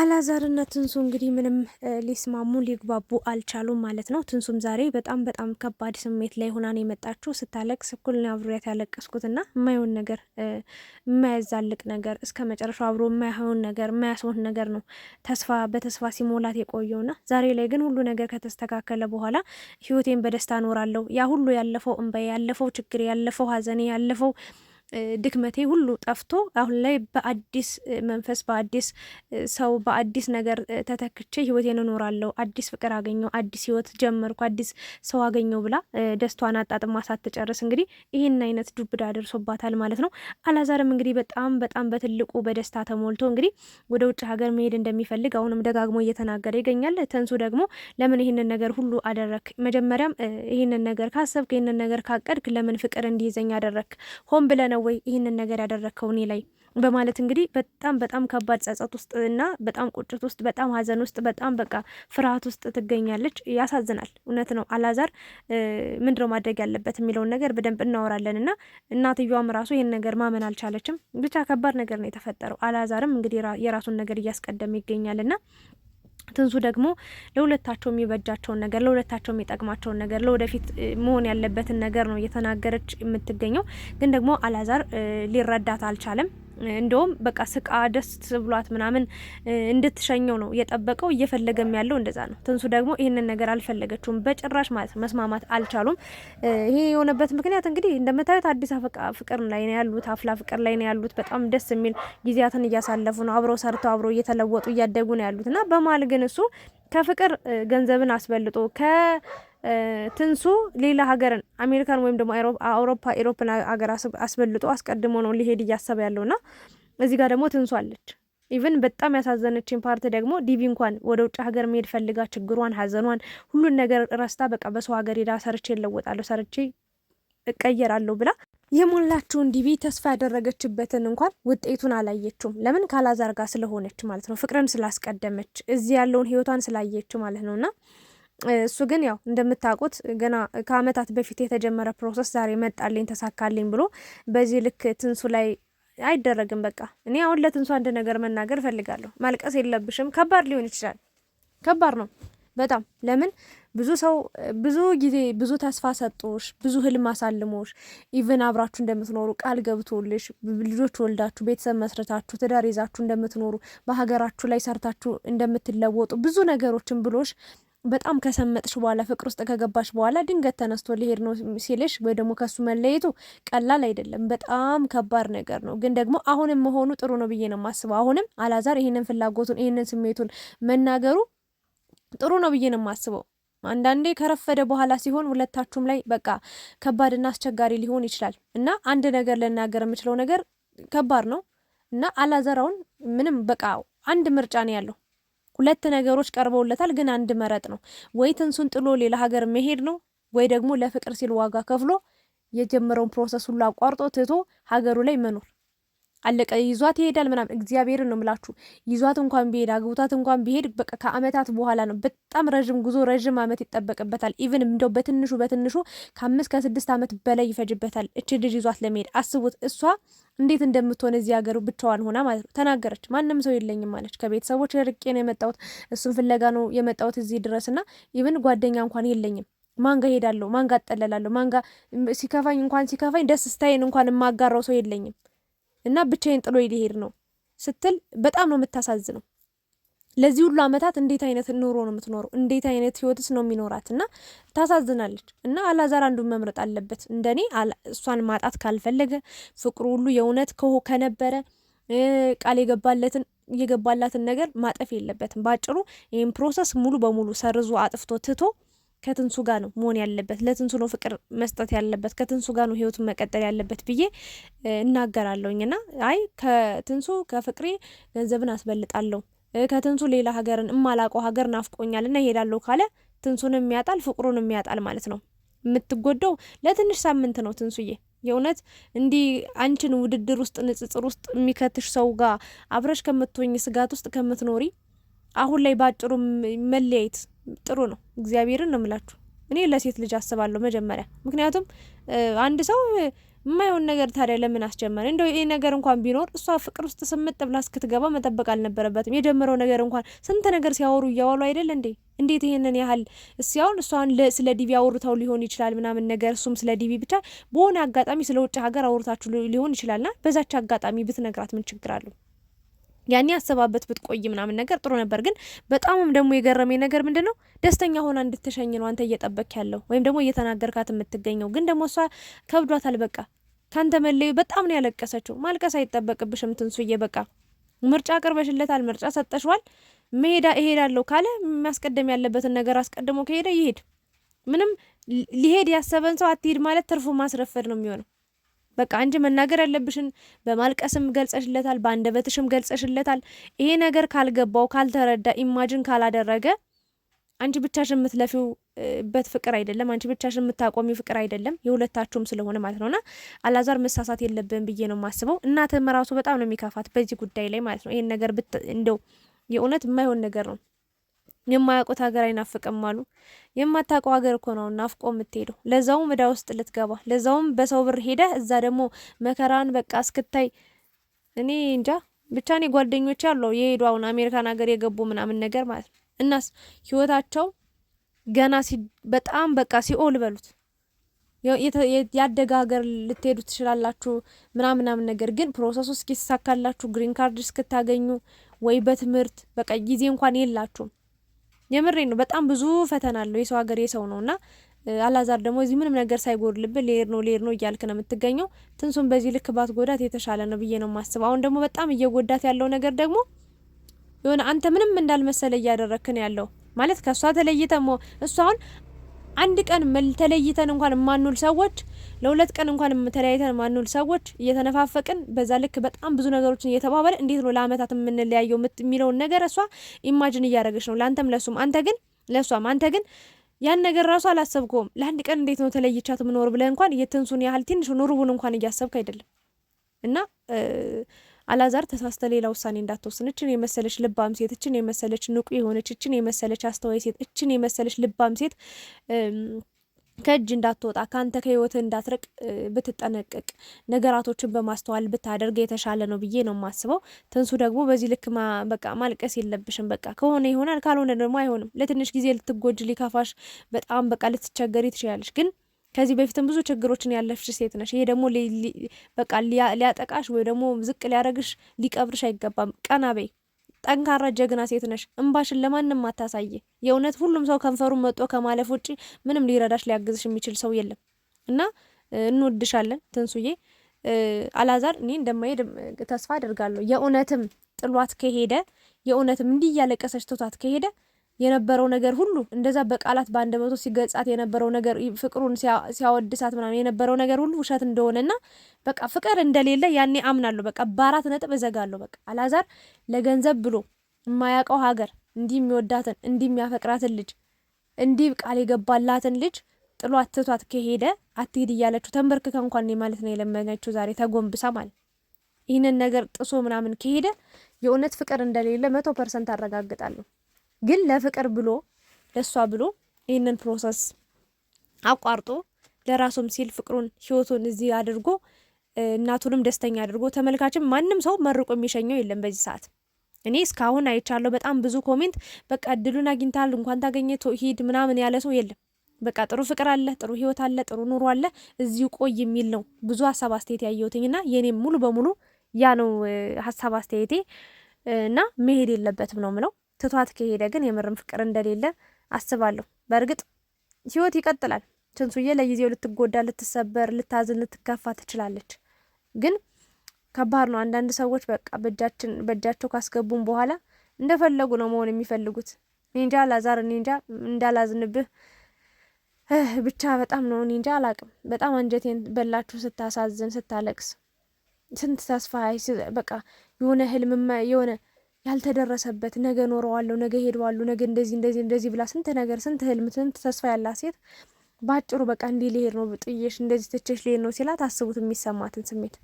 አላዛርና ትንሱ እንግዲህ ምንም ሊስማሙ ሊግባቡ አልቻሉም ማለት ነው። ትንሱም ዛሬ በጣም በጣም ከባድ ስሜት ላይ ሆናን የመጣችው ስታለቅስ እኩል ነው አብሬያት ያለቀስኩትና የማይሆን ነገር የማያዛልቅ ነገር እስከ መጨረሻው አብሮ የማይሆን ነገር የማያስሆን ነገር ነው ተስፋ በተስፋ ሲሞላት የቆየውና ዛሬ ላይ ግን ሁሉ ነገር ከተስተካከለ በኋላ ህይወቴን በደስታ እኖራለሁ ያ ሁሉ ያለፈው እምባ ያለፈው ችግር ያለፈው ሀዘኔ ያለፈው ድክመቴ ሁሉ ጠፍቶ አሁን ላይ በአዲስ መንፈስ በአዲስ ሰው በአዲስ ነገር ተተክቼ ህይወቴን እኖራለሁ፣ አዲስ ፍቅር አገኘው፣ አዲስ ህይወት ጀመርኩ፣ አዲስ ሰው አገኘው ብላ ደስቷን አጣጥማ ሳትጨርስ እንግዲህ ይህን አይነት ዱብዳ ደርሶባታል ማለት ነው። አላዛርም እንግዲህ በጣም በጣም በትልቁ በደስታ ተሞልቶ እንግዲህ ወደ ውጭ ሀገር መሄድ እንደሚፈልግ አሁንም ደጋግሞ እየተናገረ ይገኛል። ተንሱ ደግሞ ለምን ይህንን ነገር ሁሉ አደረክ? መጀመሪያም ይህንን ነገር ካሰብክ ይህንን ነገር ካቀድክ ለምን ፍቅር እንዲይዘኝ አደረክ? ሆን ብለነ ነው ነው ወይ ይህንን ነገር ያደረግከው እኔ ላይ በማለት እንግዲህ በጣም በጣም ከባድ ጸጸት ውስጥ እና በጣም ቁጭት ውስጥ በጣም ሀዘን ውስጥ በጣም በቃ ፍርሃት ውስጥ ትገኛለች። ያሳዝናል። እውነት ነው። አላዛር ምንድነው ማድረግ ያለበት የሚለውን ነገር በደንብ እናወራለን እና እናትየዋም ራሱ ይህን ነገር ማመን አልቻለችም። ብቻ ከባድ ነገር ነው የተፈጠረው። አላዛርም እንግዲህ የራሱን ነገር እያስቀደመ ይገኛል እና ትንሱ ደግሞ ለሁለታቸው የሚበጃቸውን ነገር ለሁለታቸው የሚጠቅማቸውን ነገር ለወደፊት መሆን ያለበትን ነገር ነው እየተናገረች የምትገኘው። ግን ደግሞ አላዛር ሊረዳት አልቻለም። እንደውም በቃ ስቃ ደስ ብሏት ምናምን እንድትሸኘው ነው እየጠበቀው እየፈለገም ያለው እንደዛ ነው። ትንሱ ደግሞ ይህንን ነገር አልፈለገችውም በጭራሽ ማለት ነው። መስማማት አልቻሉም። ይሄ የሆነበት ምክንያት እንግዲህ እንደምታዩት አዲስ ፍቅር ላይ ነው ያሉት፣ አፍላ ፍቅር ላይ ነው ያሉት። በጣም ደስ የሚል ጊዜያትን እያሳለፉ ነው። አብረው ሰርተው አብረው እየተለወጡ እያደጉ ነው ያሉት እና በማል ግን እሱ ከፍቅር ገንዘብን አስበልጦ ከ ትንሱ ሌላ ሀገርን አሜሪካን ወይም ደግሞ አውሮፓ ኤሮፕን ሀገር አስበልጦ አስቀድሞ ነው ሊሄድ እያሰበ ና እዚህ ጋር ደግሞ ትንሱ አለች። ኢቨን በጣም ያሳዘነችን ፓርት ደግሞ ዲቪ እንኳን ወደ ውጭ ሀገር መሄድ ፈልጋ ችግሯን፣ ሀዘኗን፣ ሁሉን ነገር ረስታ በቃ በሰው ሀገር ሄዳ ሰርቼ እለወጣለሁ ሰርቼ እቀየራለሁ ብላ የሞላችውን ዲቪ ተስፋ ያደረገችበትን እንኳን ውጤቱን አላየችውም። ለምን ካላዛር ጋር ስለሆነች ማለት ነው። ፍቅርን ስላስቀደመች እዚህ ያለውን ህይወቷን ስላየች ማለት ነውና እሱ ግን ያው እንደምታውቁት ገና ከአመታት በፊት የተጀመረ ፕሮሰስ ዛሬ መጣልኝ ተሳካልኝ ብሎ በዚህ ልክ ትንሱ ላይ አይደረግም። በቃ እኔ አሁን ለትንሱ አንድ ነገር መናገር እፈልጋለሁ። ማልቀስ የለብሽም። ከባድ ሊሆን ይችላል። ከባድ ነው በጣም ለምን ብዙ ሰው ብዙ ጊዜ ብዙ ተስፋ ሰጦሽ ብዙ ህልም አሳልሞሽ ኢቨን አብራችሁ እንደምትኖሩ ቃል ገብቶልሽ ልጆች ወልዳችሁ ቤተሰብ መስረታችሁ ትዳር ይዛችሁ እንደምትኖሩ በሀገራችሁ ላይ ሰርታችሁ እንደምትለወጡ ብዙ ነገሮችን ብሎሽ በጣም ከሰመጥሽ በኋላ ፍቅር ውስጥ ከገባሽ በኋላ ድንገት ተነስቶ ሊሄድ ነው ሲልሽ ወይ ደግሞ ከሱ መለየቱ ቀላል አይደለም፣ በጣም ከባድ ነገር ነው። ግን ደግሞ አሁንም መሆኑ ጥሩ ነው ብዬ ነው የማስበው። አሁንም አላዛር ይህንን ፍላጎቱን ይህንን ስሜቱን መናገሩ ጥሩ ነው ብዬ ነው የማስበው። አንዳንዴ ከረፈደ በኋላ ሲሆን ሁለታችሁም ላይ በቃ ከባድና አስቸጋሪ ሊሆን ይችላል እና አንድ ነገር ልናገር የምችለው ነገር ከባድ ነው እና አላዘራውን ምንም በቃ አንድ ምርጫ ነው ያለው ሁለት ነገሮች ቀርበውለታል፣ ግን አንድ መረጥ ነው ወይ ትንሱን ጥሎ ሌላ ሀገር መሄድ ነው ወይ ደግሞ ለፍቅር ሲል ዋጋ ከፍሎ የጀመረውን ፕሮሰስ ሁሉ አቋርጦ ትቶ ሀገሩ ላይ መኖር አለቀ። ይዟት ይሄዳል ምናምን። እግዚአብሔር ነው ምላችሁ። ይዟት እንኳን ቢሄድ አግብቷት እንኳን ቢሄድ በቃ ከአመታት በኋላ ነው። በጣም ረዥም ጉዞ ረዥም አመት ይጠበቅበታል። ኢቭን እንደው በትንሹ በትንሹ ከአምስት ከስድስት አመት በላይ ይፈጅበታል እች ልጅ ይዟት ለመሄድ። አስቡት እሷ እንዴት እንደምትሆን እዚህ ሀገሩ ብቻዋን ሆና ማለት ነው። ተናገረች፣ ማንም ሰው የለኝም አለች። ከቤተሰቦች ርቄ ነው የመጣሁት፣ እሱን ፍለጋ ነው የመጣሁት እዚህ ድረስ እና ኢቭን ጓደኛ እንኳን የለኝም ማንጋ ሄዳለሁ፣ ማንጋ አጠለላለሁ ማንጋ ሲከፋኝ እንኳን ሲከፋኝ ደስ ስታይን እንኳን የማጋራው ሰው የለኝም። እና ብቻዬን ጥሎ ሊሄድ ነው ስትል በጣም ነው የምታሳዝነው። ለዚህ ሁሉ ዓመታት እንዴት አይነት ኑሮ ነው የምትኖረው? እንዴት አይነት ህይወትስ ነው የሚኖራት? እና ታሳዝናለች። እና አላዛር አንዱን መምረጥ አለበት እንደኔ እሷን ማጣት ካልፈለገ ፍቅሩ ሁሉ የእውነት ከሆ ከነበረ ቃል የገባለትን የገባላትን ነገር ማጠፍ የለበትም። በአጭሩ ይህም ፕሮሰስ ሙሉ በሙሉ ሰርዞ አጥፍቶ ትቶ ከትንሱ ጋር ነው መሆን ያለበት፣ ለትንሱ ነው ፍቅር መስጠት ያለበት፣ ከትንሱ ጋር ነው ህይወቱን መቀጠል ያለበት ብዬ እናገራለሁኝ። ና አይ ከትንሱ ከፍቅሬ ገንዘብን አስበልጣለሁ ከትንሱ ሌላ ሀገርን እማላቀው ሀገር ናፍቆኛል እና ይሄዳለሁ ካለ ትንሱንም ያጣል፣ ፍቅሩንም ያጣል ማለት ነው። የምትጎደው ለትንሽ ሳምንት ነው ትንሱዬ። የእውነት እንዲህ አንቺን ውድድር ውስጥ ንጽጽር ውስጥ የሚከትሽ ሰው ጋር አብረሽ ከምትወኝ ስጋት ውስጥ ከምትኖሪ አሁን ላይ በአጭሩ መለያየት ጥሩ ነው። እግዚአብሔርን ነው ምላችሁ። እኔ ለሴት ልጅ አስባለሁ መጀመሪያ። ምክንያቱም አንድ ሰው የማይሆን ነገር ታዲያ ለምን አስጀመረ? እንደው ይህ ነገር እንኳን ቢኖር እሷ ፍቅር ውስጥ ስምጥ ብላ እስክትገባ መጠበቅ አልነበረበትም። የጀመረው ነገር እንኳን ስንት ነገር ሲያወሩ እያዋሉ አይደል እንዴ? እንዴት ይህንን ያህል እስያሁን እሷን ስለ ዲቪ አውርተው ሊሆን ይችላል ምናምን ነገር እሱም ስለ ዲቪ ብቻ በሆነ አጋጣሚ ስለ ውጭ ሀገር አውርታችሁ ሊሆን ይችላልና በዛች አጋጣሚ ብትነግራት ምን ችግር አለው? ያኔ ያሰባበት ብትቆይ ምናምን ነገር ጥሩ ነበር። ግን በጣምም ደግሞ የገረመኝ ነገር ምንድን ነው ደስተኛ ሆና እንድትሸኝ ነው አንተ እየጠበክ ያለው ወይም ደግሞ እየተናገርካት የምትገኘው። ግን ደግሞ እሷ ከብዷታል። በቃ ካንተ መለዩ በጣም ነው ያለቀሰችው። ማልቀስ አይጠበቅብሽም ትንሱዬ። በቃ ምርጫ አቅርበሽለታል፣ ምርጫ ሰጠሽዋል። መሄዳ እሄዳለሁ ካለ ማስቀደም ያለበትን ነገር አስቀድሞ ከሄደ ይሄድ። ምንም ሊሄድ ያሰበን ሰው አትሄድ ማለት ትርፉ ማስረፈድ ነው የሚሆነው። በቃ አንቺ መናገር ያለብሽን በማልቀስም ገልጸሽለታል፣ በአንደበትሽም ገልጸሽለታል። ይሄ ነገር ካልገባው ካልተረዳ፣ ኢማጅን ካላደረገ አንቺ ብቻሽን የምትለፊውበት ፍቅር አይደለም። አንቺ ብቻሽን የምታቆሚው ፍቅር አይደለም። የሁለታችሁም ስለሆነ ማለት ነውና አላዛር መሳሳት የለብን ብዬ ነው የማስበው። እናትም ራሱ በጣም ነው የሚከፋት በዚህ ጉዳይ ላይ ማለት ነው። ይሄን ነገር እንደው የእውነት የማይሆን ነገር ነው። የማያውቁት ሀገር አይናፍቅም አሉ። የማታውቀው ሀገር እኮ ነው ናፍቆ የምትሄደው። ለዛውም እዳ ውስጥ ልትገባ፣ ለዛውም በሰው ብር ሄደህ እዛ ደግሞ መከራን በቃ እስክታይ እኔ እንጃ ብቻ እኔ ጓደኞች አለው የሄዱ አሁን አሜሪካን ሀገር የገቡ ምናምን ነገር ማለት ነው። እናስ ህይወታቸው ገና በጣም በቃ ሲኦል በሉት ያደገ ሀገር ልትሄዱ ትችላላችሁ ምናምን ምናምን ነገር ግን ፕሮሰሱ እስኪሳካላችሁ ግሪን ካርድ እስክታገኙ ወይ በትምህርት በቃ ጊዜ እንኳን የላችሁም። የምሬ ነው። በጣም ብዙ ፈተና አለው። የሰው ሀገር የሰው ነው እና አላዛር ደግሞ እዚህ ምንም ነገር ሳይጎድልብን ሌር ነው ሌር ነው እያልክ ነው የምትገኘው። ትንሱን በዚህ ልክ ባት ጎዳት የተሻለ ነው ብዬ ነው ማስበው። አሁን ደግሞ በጣም እየጎዳት ያለው ነገር ደግሞ የሆነ አንተ ምንም እንዳልመሰለ እያደረክን ያለው ማለት ከእሷ ተለይተ እሷ አሁን አንድ ቀን ተለይተን እንኳን የማንውል ሰዎች ለሁለት ቀን እንኳን ተለያይተን የማንውል ሰዎች እየተነፋፈቅን በዛ ልክ በጣም ብዙ ነገሮችን እየተባበለ እንዴት ነው ለአመታት የምንለያየው የሚለውን ነገር እሷ ኢማጅን እያደረገች ነው። ለአንተም ለሱም አንተ ግን ለእሷም አንተ ግን ያን ነገር ራሱ አላሰብከውም። ለአንድ ቀን እንዴት ነው ተለይቻት ምኖር ብለህ እንኳን የትንሱን ያህል ትንሽ ኑሩቡን እንኳን እያሰብክ አይደለም እና አላዛር ተሳስተ ሌላ ውሳኔ እንዳትወስን፣ እችን የመሰለች ልባም ሴት፣ እችን የመሰለች ንቁ የሆነች፣ እችን የመሰለች አስተዋይ ሴት፣ እችን የመሰለች ልባም ሴት ከእጅ እንዳትወጣ ከአንተ ከህይወት እንዳትርቅ ብትጠነቀቅ ነገራቶችን በማስተዋል ብታደርግ የተሻለ ነው ብዬ ነው የማስበው። ትንሱ ደግሞ በዚህ ልክ በቃ ማልቀስ የለብሽም። በቃ ከሆነ ይሆናል፣ ካልሆነ ደግሞ አይሆንም። ለትንሽ ጊዜ ልትጎጅ ሊከፋሽ፣ በጣም በቃ ልትቸገሪ ትችላለች ግን ከዚህ በፊትም ብዙ ችግሮችን ያለፍሽ ሴት ነሽ። ይሄ ደግሞ በቃ ሊያጠቃሽ ወይ ደግሞ ዝቅ ሊያደርግሽ ሊቀብርሽ አይገባም። ቀና ጠንካራ ጀግና ሴት ነሽ። እንባሽን ለማንም አታሳይ። የእውነት ሁሉም ሰው ከንፈሩን መጦ ከማለፍ ውጪ ምንም ሊረዳሽ ሊያግዝሽ የሚችል ሰው የለም እና እንወድሻለን ትንሱዬ። አላዛር እኔ እንደማሄድ ተስፋ አደርጋለሁ። የእውነትም ጥሏት ከሄደ የእውነትም እንዲህ እያለቀሰች ትቷት ከሄደ የነበረው ነገር ሁሉ እንደዛ በቃላት በአንድ መቶ ሲገጻት የነበረው ነገር ፍቅሩን ሲያወድሳት ምናምን የነበረው ነገር ሁሉ ውሸት እንደሆነና በቃ ፍቅር እንደሌለ ያኔ አምናለሁ። በቃ በአራት ነጥብ እዘጋለሁ። በቃ አላዛር ለገንዘብ ብሎ የማያውቀው ሀገር እንዲህ የሚወዳትን እንዲህ የሚያፈቅራትን ልጅ እንዲህ ቃል የገባላትን ልጅ ጥሎ አትቷት ከሄደ አትሄድ እያለችው ተንበርክከ እንኳን ማለት ነው የለመነችው ዛሬ ተጎንብሳ ማለት ይህንን ነገር ጥሶ ምናምን ከሄደ የእውነት ፍቅር እንደሌለ መቶ ፐርሰንት አረጋግጣለሁ። ግን ለፍቅር ብሎ ለእሷ ብሎ ይህንን ፕሮሰስ አቋርጦ ለራሱም ሲል ፍቅሩን ህይወቱን እዚህ አድርጎ እናቱንም ደስተኛ አድርጎ ተመልካችም ማንም ሰው መርቆ የሚሸኘው የለም በዚህ ሰዓት። እኔ እስካሁን አይቻለሁ። በጣም ብዙ ኮሜንት በቃ እድሉን አግኝታል እንኳን ታገኘ ሂድ ምናምን ያለ ሰው የለም። በቃ ጥሩ ፍቅር አለ፣ ጥሩ ህይወት አለ፣ ጥሩ ኑሮ አለ፣ እዚሁ ቆይ የሚል ነው ብዙ ሀሳብ አስተያየት ያየሁትኝ እና የኔም ሙሉ በሙሉ ያ ነው ሀሳብ አስተያየቴ እና መሄድ የለበትም ነው ምለው። ትቷት ከሄደ ግን የምርም ፍቅር እንደሌለ አስባለሁ። በእርግጥ ህይወት ይቀጥላል። ትንሱዬ ለጊዜው ልትጎዳ፣ ልትሰበር፣ ልታዝን፣ ልትከፋ ትችላለች። ግን ከባድ ነው። አንዳንድ ሰዎች በቃ በእጃችን በእጃቸው ካስገቡን በኋላ እንደፈለጉ ነው መሆን የሚፈልጉት። ኒንጃ ላዛር፣ ኒንጃ እንዳላዝንብህ ብቻ በጣም ነው ኒንጃ አላቅም። በጣም አንጀቴን በላችሁ። ስታሳዝን፣ ስታለቅስ፣ ስንት ተስፋ በቃ የሆነ ህልም የሆነ ያልተደረሰበት ነገ ኖረዋለሁ፣ ነገ ሄደዋለሁ፣ ነገ እንደዚህ እንደዚህ እንደዚህ ብላ ስንት ነገር ስንት ህልም ስንት ተስፋ ያላት ሴት ባጭሩ በቃ እንዲህ ሊሄድ ነው ጥዬሽ እንደዚህ ትቼሽ ሊሄድ ነው ሲላት አስቡት የሚሰማትን ስሜት።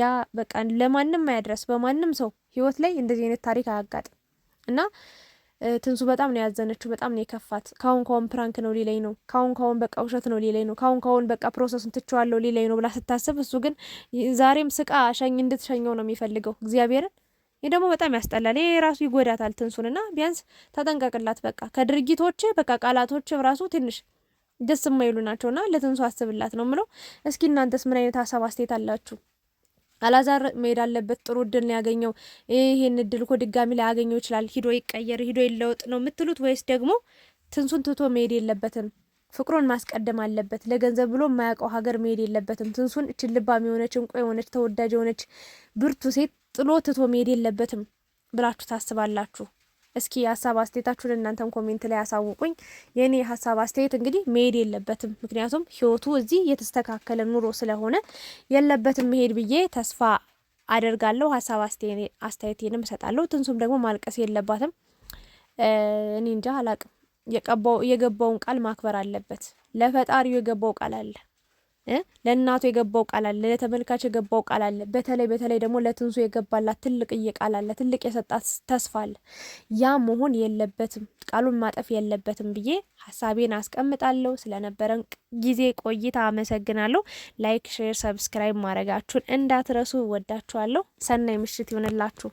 ያ በቃ ለማንም አያድረስ፣ በማንም ሰው ህይወት ላይ እንደዚህ አይነት ታሪክ አያጋጥም። እና ትንሱ በጣም ነው ያዘነችው፣ በጣም ነው የከፋት። ካሁን ካሁን ፕራንክ ነው ሊለኝ ነው፣ ካሁን ካሁን በቃ ውሸት ነው ሊለኝ ነው፣ ካሁን ካሁን በቃ ፕሮሰሱን ትቼዋለሁ ሊለኝ ነው ብላ ስታስብ፣ እሱ ግን ዛሬም ስቃ ሸኝ እንድትሸኘው ነው የሚፈልገው እግዚአብሔርን ይህ ደግሞ በጣም ያስጠላል። ይሄ ራሱ ይጎዳታል ትንሱንና ቢያንስ ተጠንቀቅላት። በቃ ከድርጊቶች በቃ ቃላቶች ራሱ ትንሽ ደስ የማይሉ ናቸውና ለትንሱ አስብላት ነው ምለው። እስኪ እናንተስ ምን አይነት ሀሳብ አስተያየት አላችሁ? አላዛር መሄድ አለበት። ጥሩ እድል ነው ያገኘው። ይህን እድል እኮ ድጋሚ ላይ ያገኘው ይችላል። ሂዶ ይቀየር፣ ሂዶ ይለወጥ ነው የምትሉት ወይስ ደግሞ ትንሱን ትቶ መሄድ የለበትም ፍቅሩን ማስቀደም አለበት። ለገንዘብ ብሎ የማያውቀው ሀገር መሄድ የለበትም። ትንሱን ልባም የሆነች እንቁ የሆነች ተወዳጅ የሆነች ብርቱ ሴት ጥሎ ትቶ መሄድ የለበትም ብላችሁ ታስባላችሁ? እስኪ ሀሳብ አስተያየታችሁን እናንተም ኮሜንት ላይ ያሳውቁኝ። የእኔ ሀሳብ አስተያየት እንግዲህ መሄድ የለበትም ምክንያቱም ህይወቱ እዚህ የተስተካከለ ኑሮ ስለሆነ የለበትም መሄድ ብዬ ተስፋ አደርጋለሁ። ሀሳብ አስተያየቴንም እሰጣለሁ። ትንሱም ደግሞ ማልቀስ የለባትም። እኔ እንጃ አላቅም። የገባውን ቃል ማክበር አለበት። ለፈጣሪው የገባው ቃል አለ። ለእናቱ የገባው ቃል አለ፣ ለተመልካች የገባው ቃል አለ። በተለይ በተለይ ደግሞ ለትንሱ የገባላት ትልቅዬ ቃል አለ፣ ትልቅ የሰጣት ተስፋ አለ። ያ መሆን የለበትም፣ ቃሉን ማጠፍ የለበትም ብዬ ሀሳቤን አስቀምጣለሁ። ስለነበረን ጊዜ ቆይታ አመሰግናለሁ። ላይክ፣ ሼር፣ ሰብስክራይብ ማድረጋችሁን እንዳትረሱ። ወዳችኋለሁ። ሰናይ ምሽት ይሆንላችሁ።